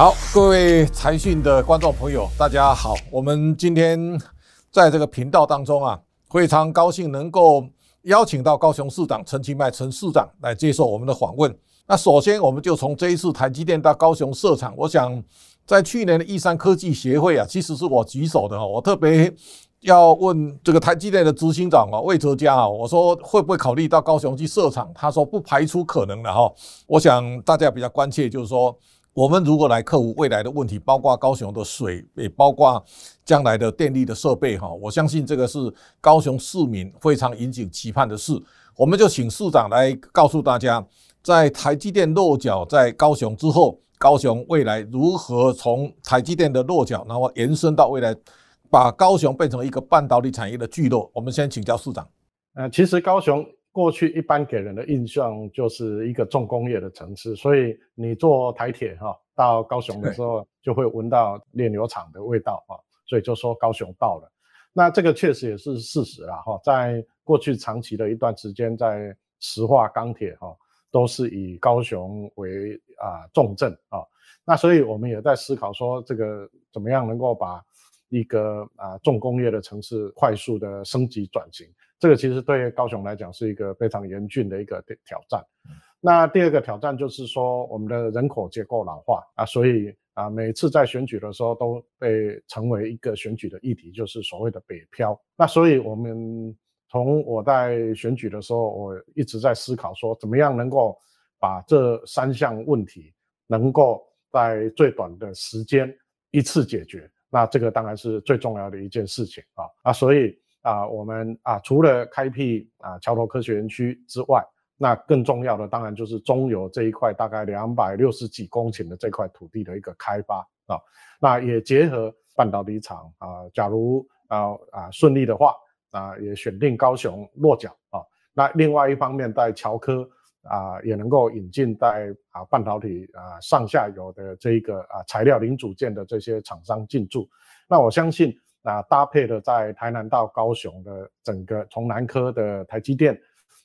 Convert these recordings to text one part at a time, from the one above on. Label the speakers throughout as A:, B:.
A: 好，各位財訊的觀眾朋友，大家好。我們今天在這個頻道當中啊，非常高興能夠邀請到高雄市長陳其邁陳市長來接受我們的訪問。那首先，我們就從這一次台積電到高雄設廠，我想在去年的義山科技協會啊，其實是我舉手的哈，我特別要問這個台積電的執行長啊魏哲家啊，我說會不會考慮到高雄去設廠？他說不排除可能的哈。我想大家比較關切就是說，我們如果來克服未來的問題，包括高雄的水，也包括將來的電力的設備哈，我相信這個是高雄市民非常引頸期盼的事。我們就請市長來告訴大家，在台積電落腳在高雄之後，高雄未來如何從台積電的落腳，然後延伸到未來，把高雄變成一個半導體產業的聚落。我們先請教市長。呃，其實高雄。過去一
B: 般給人的印象就是一個重工業的城市，所以你坐台鐵哈到高雄的時候，就會聞到煉油廠的味道哈，所以就說高雄到了。那這個確實也是事實了哈，在過去長期的一段時間，在石化、鋼鐵哈都是以高雄為啊重鎮啊，那所以我們也在思考說，這個怎麼樣能夠把一個啊重工業的城市快速的升級轉型。這個其實對高雄來講是一個非常嚴峻的一個挑戰。那第二個挑戰就是說，我們的人口結構老化啊，那所以啊，每次在選舉的時候都被成為一個選舉的議題，就是所謂的北漂。那所以，我們從我在選舉的時候，我一直在思考說，怎麼樣能夠把這三項問題能夠在最短的時間一次解決？那這個當然是最重要的一件事情啊啊，那所以。啊、呃，我們啊、呃，除了開闢啊、呃、橋頭科學園區之外，那更重要的當然就是中油這一塊，大概兩百六十幾公頃的這塊土地的一個開發啊、哦，那也結合半導體廠啊、呃，假如、呃、啊啊順利的話啊、呃，也選定高雄落腳啊、哦，那另外一方面在橋科啊、呃，也能夠引進在啊半導體啊、呃、上下游的這一個啊、呃、材料零組件的這些廠商進駐，那我相信，那搭配的，在台南到高雄的整個，從南科的台積電，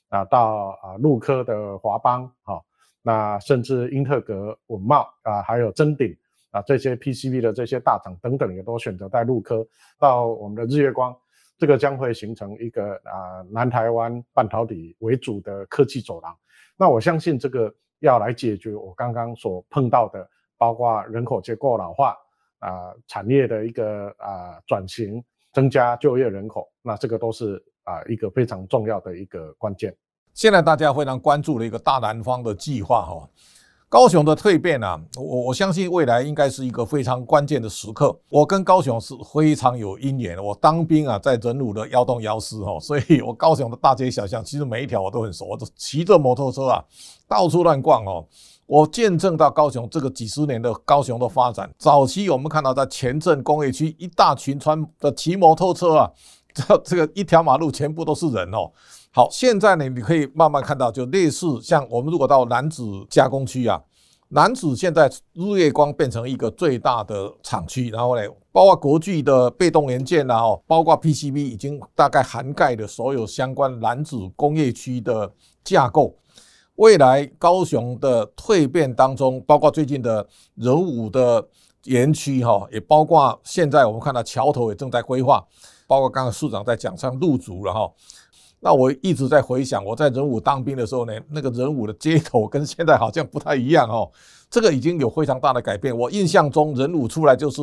B: 啊，到啊陸科的華邦，哈、啊，那甚至英特格文、穩懋啊，還有臻鼎啊，這些 PCB 的這些大廠等等，也都選擇在陸科，到我們的日月光，這個將會形成一個啊南台灣半導體為主的科技走廊。那我相信這個要來解決我剛剛所碰到的，包括人口結構老化。啊、呃，產業的一個啊轉、呃、型，增
A: 加就業人口，那這個都是啊、呃、一個非常重要的一個關鍵。現在大家非常關注的一個大南方的計劃哈，高雄的蛻變啊，我我相信未來應該是一個非常關鍵的時刻。我跟高雄是非常有因緣，我當兵啊，在仁武的麼洞麼師哦，所以我高雄的大街小巷，其實每一條我都很熟，我都騎着摩托車啊到處亂逛哦。我見證到高雄這個幾十年的高雄的發展，早期我們看到在前鎮工業區一大群穿的騎摩托車啊，這這個一條馬路全部都是人哦。好，現在呢，你可以慢慢看到，就類似像我們如果到楠梓加工區啊，楠梓現在日月光變成一個最大的廠區，然後呢，包括國巨的被動元件啦，哦，包括 PCB 已經大概涵蓋了所有相關楠梓工業區的架構。未來高雄的蛻變當中，包括最近的仁武的園區哈，也包括現在我們看到橋頭也正在規劃，包括剛剛市長在講上入駐了哈、哦。那我一直在回想，我在仁武當兵的時候呢，那個仁武的街頭跟現在好像不太一樣哦。這個已經有非常大的改變。我印象中仁武出來就是。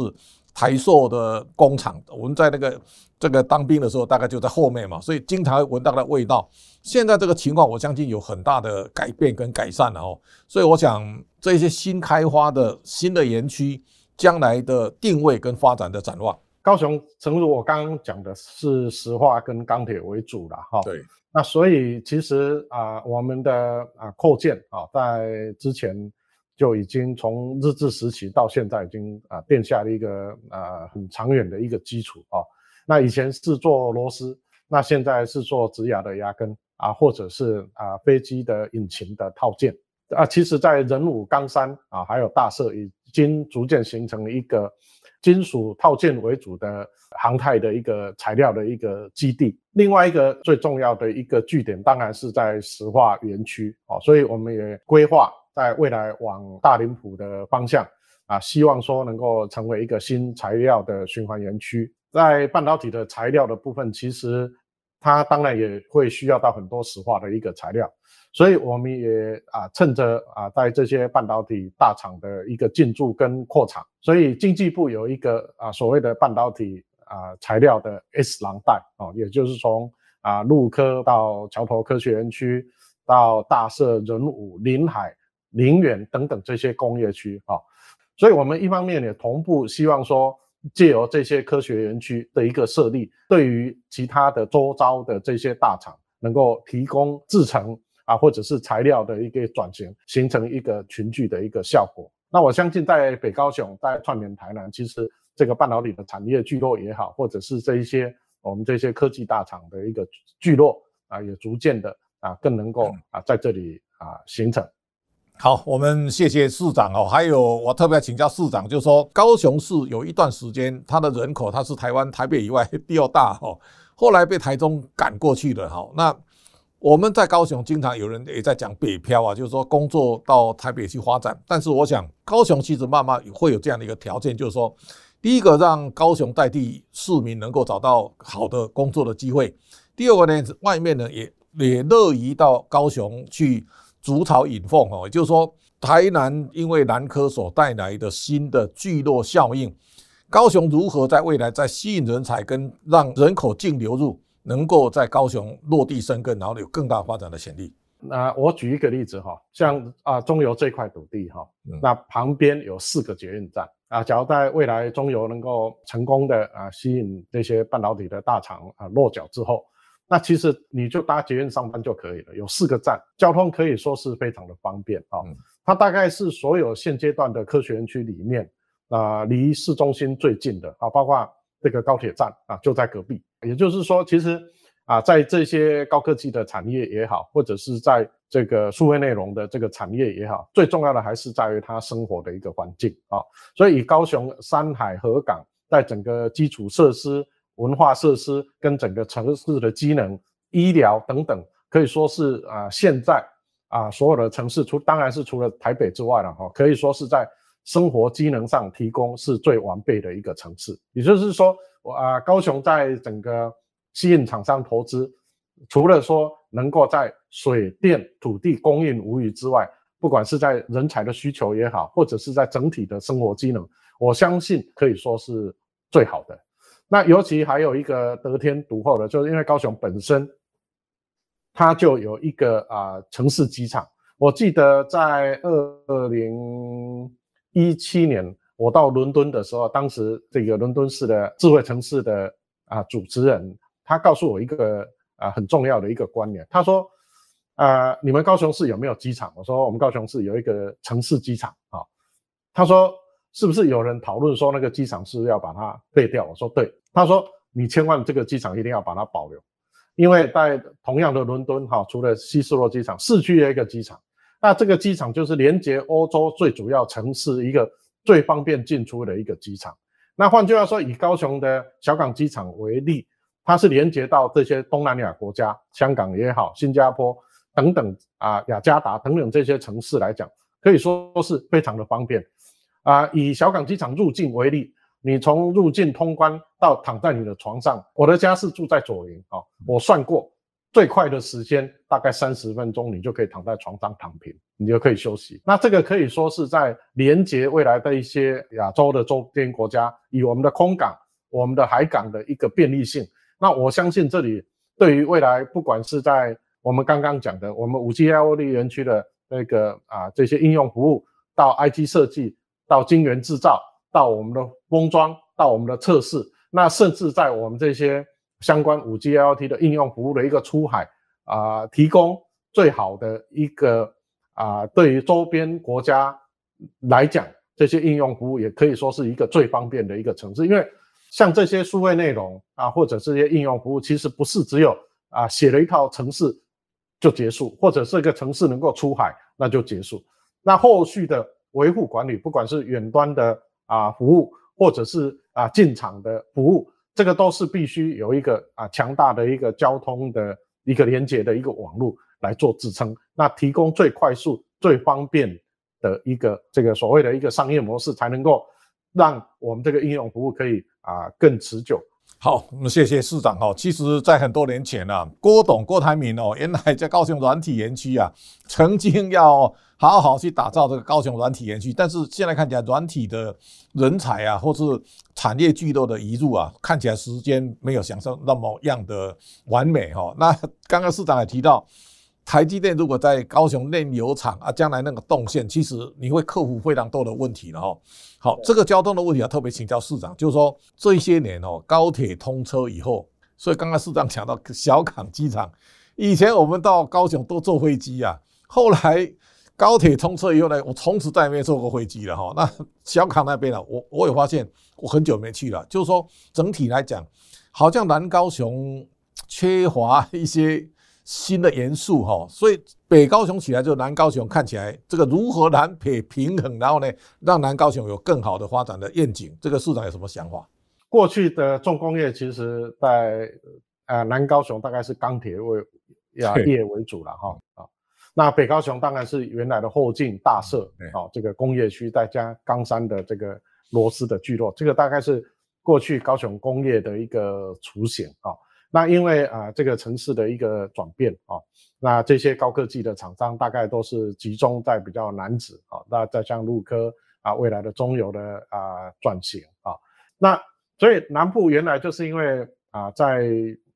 A: 台塑的工廠，我們在那個這個當兵的時候，大概就在後面嘛，所以經常聞到那味道。現在這個情況，我相信有很大的改變跟改善了哦。所以我想，這些新開發的新的園區，將來的定位跟發展的展望，高雄，誠如我剛剛
B: 講的，是石化跟鋼鐵為主了哈。對，那所以其實啊、呃，我們的啊擴、呃、建啊、呃，在之前。就已經從日治時期到現在，已經啊奠下了一個啊很長遠的一個基礎啊、哦。那以前是做螺絲，那現在是做植牙的牙根啊，或者是啊飛機的引擎的套件啊。其實，在仁武、岡山啊，還有大社，已經逐漸形成了一個金屬套件為主的航太的一個材料的一個基地。另外一個最重要的一個據點，當然是在石化園區啊。所以我們也規劃。在未來往大林浦的方向啊，希望說能夠成為一個新材料的循環園區。在半導體的材料的部分，其實它當然也會需要到很多石化的一個材料，所以我們也啊趁着啊在這些半導體大廠的一個進駐跟擴廠，所以經濟部有一個啊所謂的半導體啊材料的 S 廊帶啊，也就是從啊陸科到橋頭科學園區到大社、仁武、林海。林園等等這些工業區啊，所以我們一方面也同步希望說，借由這些科學園區的一個設立，對於其他的周遭的這些大廠，能夠提供制程啊，或者是材料的一個轉型，形成一個群聚的一個效果。那我相信，在北高雄、在串聯台南，其實這個半導體的產業聚落也好，或者是這一些我們這些科技大廠的一個聚落啊，也逐漸的啊，更能夠
A: 啊，在這裡啊形成。嗯。嗯。好，我們謝謝市長哦。還有，我特別要請教市長，就是說高雄市有一段時間，它的人口它是台灣台北以外第二大哈，後來被台中趕過去了哈。那我們在高雄，經常有人也在講北漂啊，就是說工作到台北去發展。但是我想，高雄其實慢慢會有這樣的一個條件，就是說，第一個讓高雄在地市民能夠找到好的工作的機會；第二個呢，外面呢也也樂於到高雄去。築巢引鳳哈，也就是說，台南因為南科所帶來的新的聚落效應，高雄如何在未來再吸引人才跟讓人口淨流入，能夠在高雄落地生根，然後有更大發展的潛力？
B: 那我舉一個例子哈，像啊中油這塊土地哈，那旁邊有四個捷運站啊，假如在未來中油能夠成功的啊吸引這些半導體的大廠啊落腳之後。那其實你就搭捷運上班就可以了，有四個站，交通可以說是非常的方便啊、哦嗯。它大概是所有現階段的科學園區裡面啊，離、呃、市中心最近的啊，包括這個高鐵站啊就在隔壁。也就是說，其實啊，在這些高科技的產業也好，或者是在這個數位內容的這個產業也好，最重要的還是在於它生活的一個環境啊。所以，以高雄山海河港在整個基礎設施。文化設施跟整個城市的機能、醫療等等，可以說是啊，現在啊，所有的城市除，當然是除了台北之外了哈，可以說是在生活機能上提供是最完備的一個城市。也就是說，我啊，高雄在整個吸引廠商投資，除了說能夠在水電、土地供應無虞之外，不管是在人才的需求也好，或者是在整體的生活機能，我相信可以說是最好的。那尤其還有一個得天獨厚的，就是因為高雄本身，它就有一個啊、呃、城市機場。我記得在二零一七年我到倫敦的時候，當時這個倫敦市的智慧城市的啊、呃、主持人，他告訴我一個啊、呃、很重要的一個觀念，他說啊、呃，你們高雄市有沒有機場？我說我們高雄市有一個城市機場啊、哦。他說是不是有人討論說那個機場是不是要把它廢掉？我說對。他說：“你千萬這個機場一定要把它保留，因為在同樣的倫敦哈、哦，除了希斯羅機場，市區的一個機場，那這個機場就是連接歐洲最主要城市一個最方便進出的一個機場。那換句話說，以高雄的小港機場為例，它是連接到這些東南亞國家，香港也好，新加坡等等啊，雅加達等等這些城市來講，可以說都是非常的方便啊。以小港機場入境為例。”你從入境通關到躺在你的床上，我的家是住在左營啊。我算過，最快的時間大概三十分鐘，你就可以躺在床上躺平，你就可以休息。那這個可以說是在連接未來的一些亞洲的周邊國家，以我們的空港、我們的海港的一個便利性。那我相信這裡對於未來，不管是在我們剛剛講的，我們五 G IoT 園區的那個啊這些應用服務，到 IT 設計，到晶圓制造。到我們的封裝，到我們的測試，那甚至在我們這些相關五 G IoT 的應用服務的一個出海啊、呃，提供最好的一個啊、呃，對於周邊國家來講，這些應用服務也可以說是一個最方便的一個城市，因為像這些數位內容啊，或者這些應用服務，其實不是只有啊寫了一套程式就結束，或者是一個城市能夠出海那就結束。那後續的維護管理，不管是遠端的。啊，服務或者是啊進場的服務，這個都是必須有一個啊強大的一個交通的一個連接的一個網絡來做支撐，那提供最快速、最方便的一個這個所謂的一個商業模式，才
A: 能夠讓我們這個應用服務可以啊更持久。好，我們謝謝市長，其實，在很多年前呢，郭董郭台銘哦，原來在高雄軟體園區啊，曾經要好好去打造這個高雄軟體園區，但是現在看起來，軟體的人才啊，或是產業聚落的移入啊，看起來時間沒有想象那麼樣的完美哈。那剛剛市長也提到。台積電如果在高雄煉油廠啊，將來那個動線，其實你會克服非常多的問題了哈、哦。好，這個交通的問題啊，特別請教市長，就是說這些年哦，高鐵通車以後，所以剛剛市長講到小港機場，以前我們到高雄都坐飛機啊，後來高鐵通車以後呢，我從此再沒坐過飛機了哈、哦。那小港那邊呢，我我也發現我很久沒去了，就是說整體來講，好像南高雄缺乏一些新的元素哈，所以北高雄起來就南高雄看起來，這個如何南北平衡，然後呢，讓南高雄有更好的發展的願景，這個市長有什麼想法？
B: 過去的重工業其實，在呃南高雄大概是鋼鐵為啊業為主啦哈啊，那北高雄當然是原來的後勁大社，好、哦、這個工業區再加岡山的這個螺絲的聚落，這個大概是過去高雄工業的一個雛形啊。那因為啊、呃，這個城市的一個轉變啊、哦，那這些高科技的廠商大概都是集中在比較楠梓啊、哦，那在像路科啊、未來的中油的啊轉、呃、型啊、哦，那所以南部原來就是因為啊、呃，在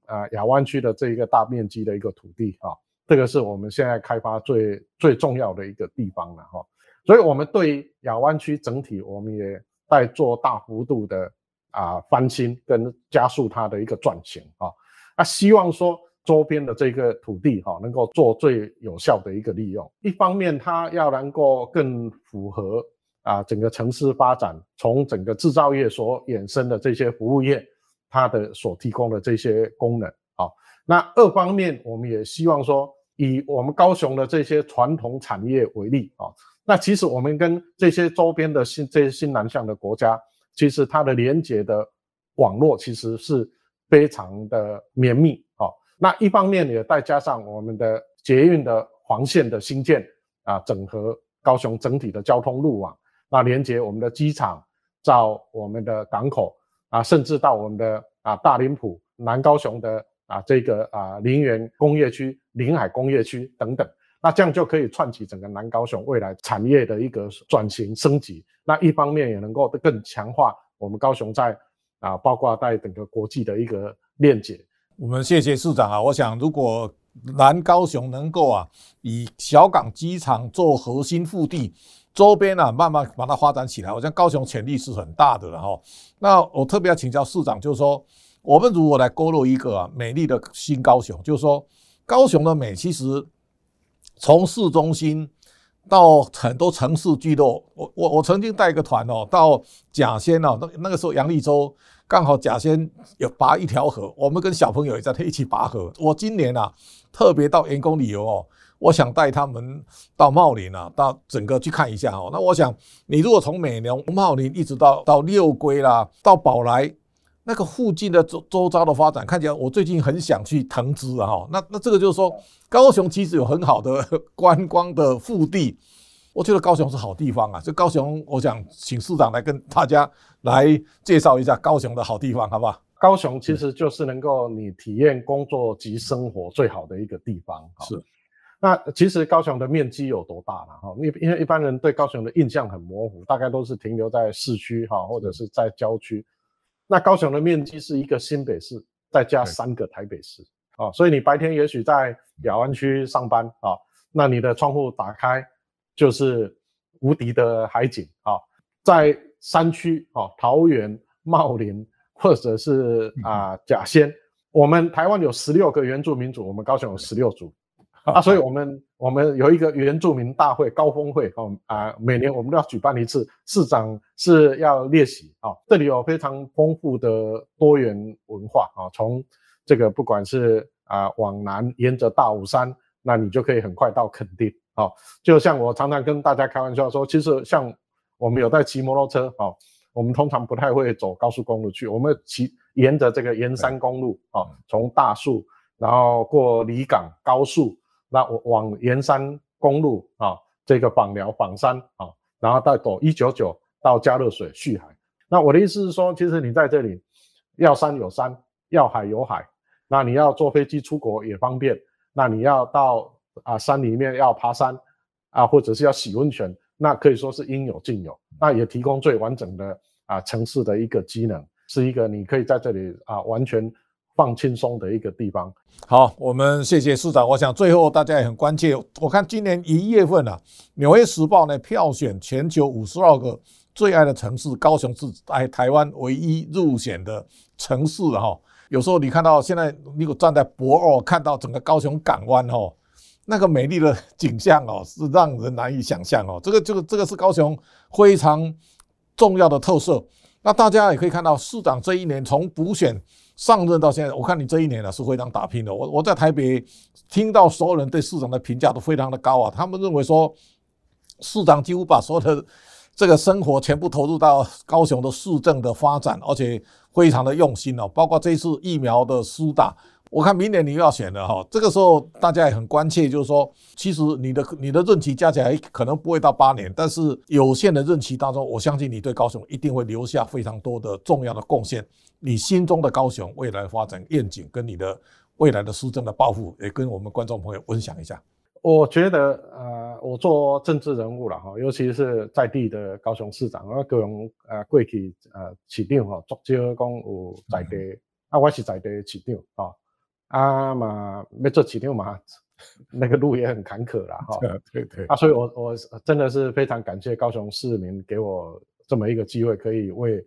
B: 啊亞灣區的這一個大面積的一個土地啊、哦，這個是我們現在開發最最重要的一個地方了哈、哦，所以我們對亞灣區整體，我們也在做大幅度的啊、呃、翻新跟加速它的一個轉型啊。哦那希望說周邊的這個土地哈能夠做最有效的一個利用。一方面，它要能夠更符合啊整個城市發展，從整個製造業所衍生的這些服務業，它的所提供的這些功能啊。那二方面，我們也希望說以我們高雄的這些傳統產業為例啊。那其實我們跟這些周邊的新，這些新南向的國家，其實它的連接的網絡其實是。非常的綿密哦，那一方面也再加上我們的捷運的黃線的興建啊，整合高雄整體的交通路網，那連接我們的機場，到我們的港口啊，甚至到我們的啊大林埔、南高雄的啊這個啊林園工業區、臨海工業區等等，那這樣就可以串起整個南高雄未來產業的一個轉型升級。那一方面也能夠更強化我們高雄在。啊，包括在整個國際的一個鏈
A: 接，我們謝謝市長啊。我想，如果南高雄能夠啊以小港機場做核心腹地，周邊啊慢慢把它發展起來，我想高雄潛力是很大的了哈。那我特別要請教市長，就是說我們如果來勾勒一個啊美麗的新高雄，就是說高雄的美，其實從市中心。到很多城市聚落，我我我曾經帶一個團哦，到甲仙哦，那那個時候楊麗洲剛好甲仙有拔一條河，我們跟小朋友也在一起拔河。我今年啊特別到員工旅遊哦，我想帶他們到茂林啊，到整個去看一下哦。那我想你如果從美濃茂林一直到六到六龜啦，到寶來，那個附近的周周遭的發展看起來，我最近很想去投資啊。那那這個就是說，高雄其實有很好的觀光的腹地，我覺得高雄是好地方啊。就高雄，我想請市長來跟大家來介紹一下高雄的好地方，好不好？高雄其實就是能
B: 夠你體驗工作及生活最好的一個地方。是，那其實高雄的面積有多大呢？哈，因因為一般人對高雄的印象很模糊，大概都是停留在市區哈，或者是在郊區。那高雄的面積是一個新北市，再加三個台北市，啊、哦，所以你白天也許在亞灣區上班啊、哦，那你的窗戶打開就是無敵的海景啊、哦，在山區啊、哦，桃源、茂林或者是啊，甲、呃、仙、嗯，我們台灣有十六個原住民族，我們高雄有十六族。啊，所以我們我們有一個原住民大會高峰會哦啊，每年我們都要舉辦一次。市長是要列席哦。這裡有非常豐富的多元文化啊，從這個不管是啊往南沿着大武山，那你就可以很快到墾丁哦、啊，就像我常常跟大家開玩笑說，其實像我們有在騎摩托車哦、啊，我們通常不太會走高速公路去，我們騎沿着這個沿山公路哦，從、啊、大樹然後過里港高速。那我往沿山公路啊，這個枋寮枋山啊，然後再走一九九到佳樂水、旭海。那我的意思是說，其實你在這裡要山有山，要海有海。那你要坐飛機出國也方便。那你要到啊山裡面要爬山啊，或者是要洗溫泉，那可以說是應有盡有。那也提供最完整的啊城市的一個機能，是一個你可以在這裡啊完全放
A: 輕鬆的一個地方。好，我們謝謝市長。我想最後大家也很關切。我看今年一月份啊，《紐約時報》呢，票選全球五十二個最愛的城市，高雄是台灣唯一入選的城市哈、哦。有時候你看到現在你如果站在駁二，看到整個高雄港灣哈、哦，那個美麗的景象哦，是讓人難以想象哦。這個就、這個、這個是高雄非常重要的特色。那大家也可以看到市長這一年從補選。上任到現在，我看你這一年呢、啊、是非常打拼的。我我在台北聽到所有人對市長的評價都非常的高啊，他們認為說，市長幾乎把所有的這個生活全部投入到高雄的市政的發展，而且非常的用心哦、啊。包括這次疫苗的施打。我看明年你又要選了哈，這個時候大家也很關切，就是說，其實你的你的任期加起來可能不會到八年，但是有限的任期當中，我相信你對高雄一定會留下非常多的重要的貢獻。你心中的高雄未來的發展願景跟你的未來的施政的抱負，也跟我們觀眾朋友分享一下。
B: 我覺得呃，我做政治人物了哈，尤其是在地的高雄市長啊，各種呃過去呃、啊、市長哈，足之講有在地、嗯，啊，我是在地市長啊。阿瑪沒坐幾天嘛，那個路也很坎坷了哈。 對對。啊，所以我我真的是非常感謝高雄市民給我這麼一個機會，可以為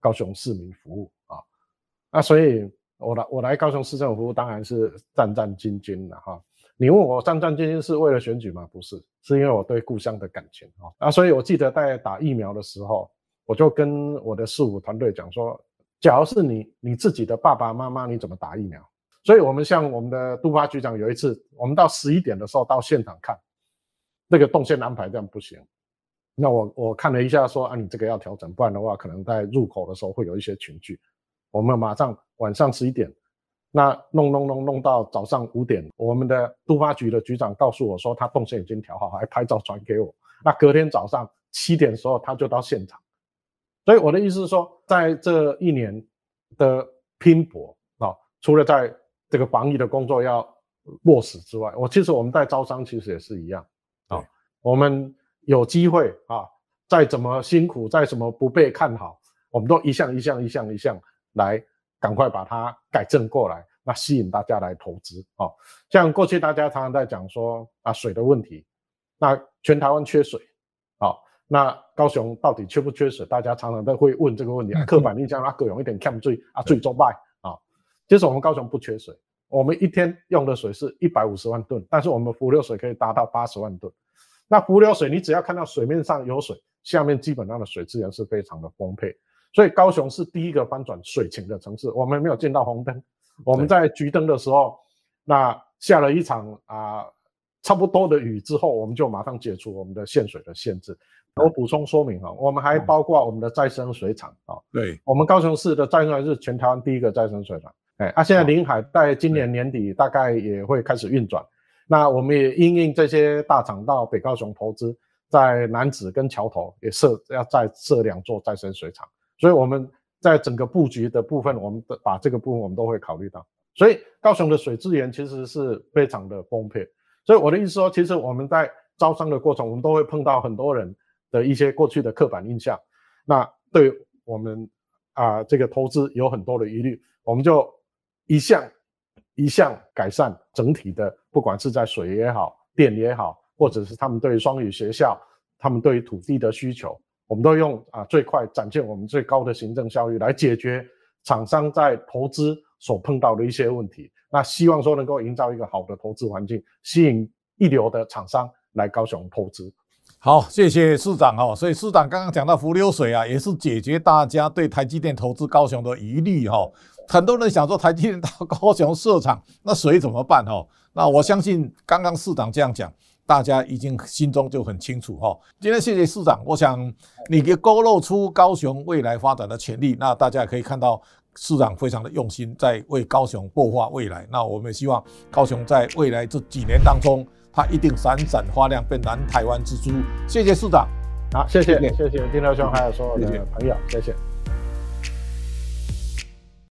B: 高雄市民服務啊，啊。所以我來我來高雄市政府服務，當然是戰戰兢兢的哈，啊。你問我戰戰兢兢是為了選舉嗎？不是，是因為我對故鄉的感情啊，啊，所以我記得在打疫苗的時候，我就跟我的事務團隊講說，假如是你你自己的爸爸媽媽，你怎麼打疫苗？所以，我們像我們的都發局長，有一次，我們到十一點的時候到現場看，那個動線安排這樣不行。那我我看了一下說，說啊，你這個要調整，不然的話，可能在入口的時候會有一些群聚。我們馬上晚上十一點，那弄弄弄弄到早上五點。我們的都發局的局長告訴我說，他動線已經調好，還拍照傳給我。那隔天早上七點的時候，他就到現場。所以我的意思是說，在這一年的拼搏啊、哦，除了在這個防疫的工作要落實之外，我其實我們在招商其實也是一樣啊、哦。我們有機會啊，再怎麼辛苦，再什麼不被看好，我們都一項一項一項一項來趕快把它改正過來，那吸引大家來投資啊、哦。像過去大家常常在講說啊水的問題，那全台灣缺水啊、哦，那高雄到底缺不缺水？大家常常都會問這個問題啊、哎。刻板印象啊，高雄一點缺水、啊、不最啊最中敗。就是我們高雄不缺水，我們一天用的水是一百五十萬噸，但是我們浮流水可以達到八十萬噸。那浮流水，你只要看到水面上有水，下面基本上的水自然是非常的豐沛。所以高雄是第一個翻轉水情的城市，我們沒有見到紅燈。我們在橘燈的時候，那下了一場啊、呃、差不多的雨之後，我們就馬上解除我們的限水的限制。嗯、我補充說明哈，我們還包括我們的再生水廠啊、嗯哦，對我們高雄市的再生水廠是全台灣第一個再生水廠。哎，那、啊、現在臨海在今年年底大概也會開始運轉、哦，那我們也因應這些大廠到北高雄投資，在楠梓跟橋頭也設要再設兩座再生水廠，所以我們在整個布局的部分，我們的把這個部分我們都會考慮到。所以高雄的水資源其實是非常的豐沛，所以我的意思說，其實我們在招商的過程，我們都會碰到很多人的一些過去的刻板印象，那對我們啊、呃、這個投資有很多的疑慮，我們就。一項一項改善整體的，不管是在水也好、電也好，或者是他們對雙語學校、他們對於土地的需求，我們都用啊最快展現我們最高的行政效率來解決廠商在投資所碰到的一些問題。那希望說能夠營造一個好的投資環境，吸引一流的廠商來高雄投資。
A: 好，謝謝市長哦。所以市長剛剛講到伏流水啊，也是解決大家對台積電投資高雄的疑慮哈。很多人想說台積電到高雄設廠，那水怎麼辦哈？那我相信剛剛市長這樣講，大家已經心中就很清楚哈。今天謝謝市長，我想你給勾勒出高雄未來發展的潛力，那大家也可以看到市長非常的用心在為高雄擘畫未來。那我們也希望高雄在未來這幾年當中，它一定閃閃發亮，變南台灣之珠。謝謝市長，好，謝謝，謝謝金河兄，還有所有的朋友，謝謝。
B: 謝謝。